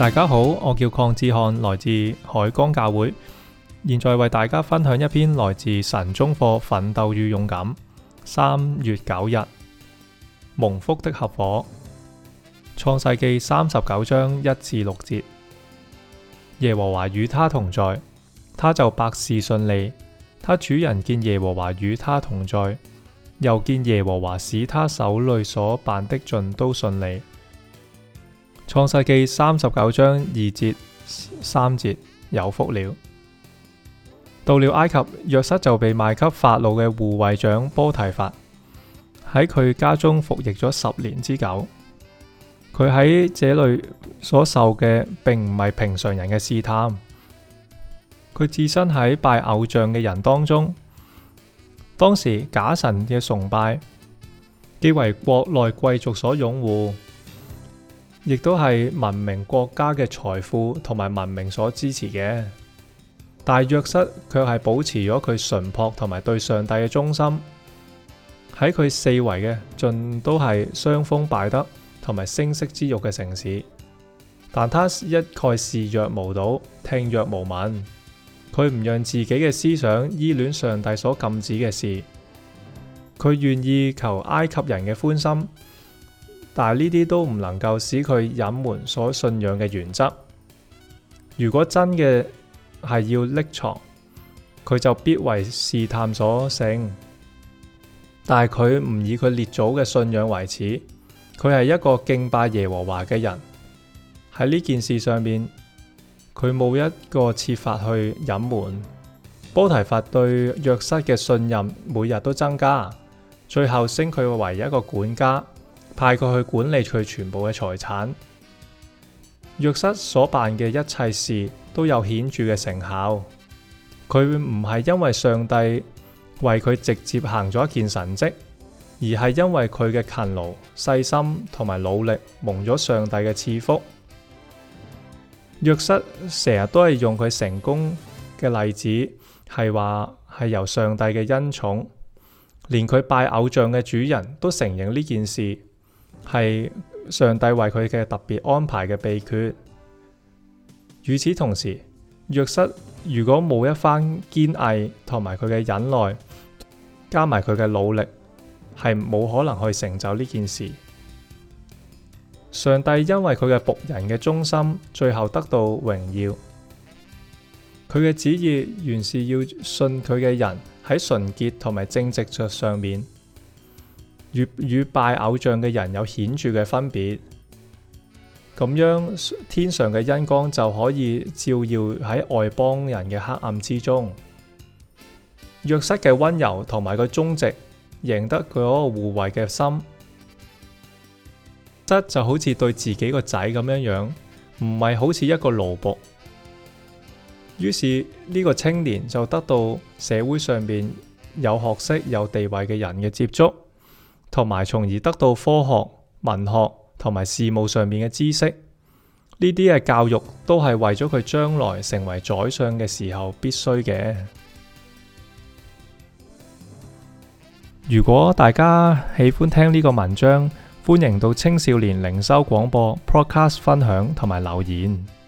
大家好，我叫鄺志漢，來自海光教會，現在為大家分享一篇來自神中課《奮鬥與勇敢》三月九日，蒙福的合伙，創世記三十九章一至六節，耶和華與他同在，他就百事順利。他主人見耶和華與他同在，又見耶和華使他手裏所辦的盡都順利。創世記三十九章二節，三節有福了。到了埃及，約瑟就被賣給法老嘅護衛長波提法，喺佢家中服役咗十年之久。佢喺這裏所受嘅，並唔係平常人嘅試探。佢置身喺拜偶像嘅人當中，當時假神嘅崇拜既為國內貴族所擁護。亦都係文明國家嘅財富同埋文明所支持嘅，但約瑟卻係保持咗佢純樸同埋對上帝嘅忠心。喺佢四圍嘅盡都係傷風敗德同埋聲色之欲嘅城市，但他一概視若無睹，聽若無聞。佢唔讓自己嘅思想依戀上帝所禁止嘅事，佢願意求埃及人嘅歡心。但係呢啲都唔能夠使佢隱瞞所信仰嘅原則。如果真嘅係要匿藏，佢就必為試探所勝。但係佢唔以佢列祖嘅信仰為恥，佢係一個敬拜耶和華嘅人。喺呢件事上面，佢冇一個設法去隱瞞。波提法對約瑟嘅信任每日都增加，最後升佢為一個管家。派佢去管理佢全部嘅財產，若瑟所辦嘅一切事都有顯著嘅成效。佢唔係因為上帝為佢直接行咗一件神蹟，而係因為佢嘅勤勞、細心同埋努力蒙咗上帝嘅賜福。若瑟成日都係用佢成功嘅例子，係話係由上帝嘅恩寵。連佢拜偶像嘅主人都承認呢件事。係上帝為佢嘅特別安排嘅秘訣。與此同時，約瑟如果冇一番堅毅同埋佢嘅忍耐，加埋佢嘅努力，係冇可能去成就呢件事。上帝因為佢嘅僕人嘅忠心，最後得到榮耀。佢嘅旨意原是要信佢嘅人喺純潔同埋正直著上面。與與拜偶像嘅人有顯著嘅分別，咁樣天上嘅恩光就可以照耀喺外邦人嘅黑暗之中。約瑟嘅溫柔同埋個忠直，贏得佢嗰個護衛嘅心，則就好似對自己個仔咁樣樣，唔係好似一個勞僕。於是呢、這個青年就得到社會上邊有學識、有地位嘅人嘅接觸。同埋，從而得到科學、文學同埋事務上面嘅知識，呢啲嘅教育都係為咗佢將來成為宰相嘅時候必須嘅。如果大家喜歡聽呢個文章，歡迎到青少年靈修廣播 Podcast 分享同埋留言。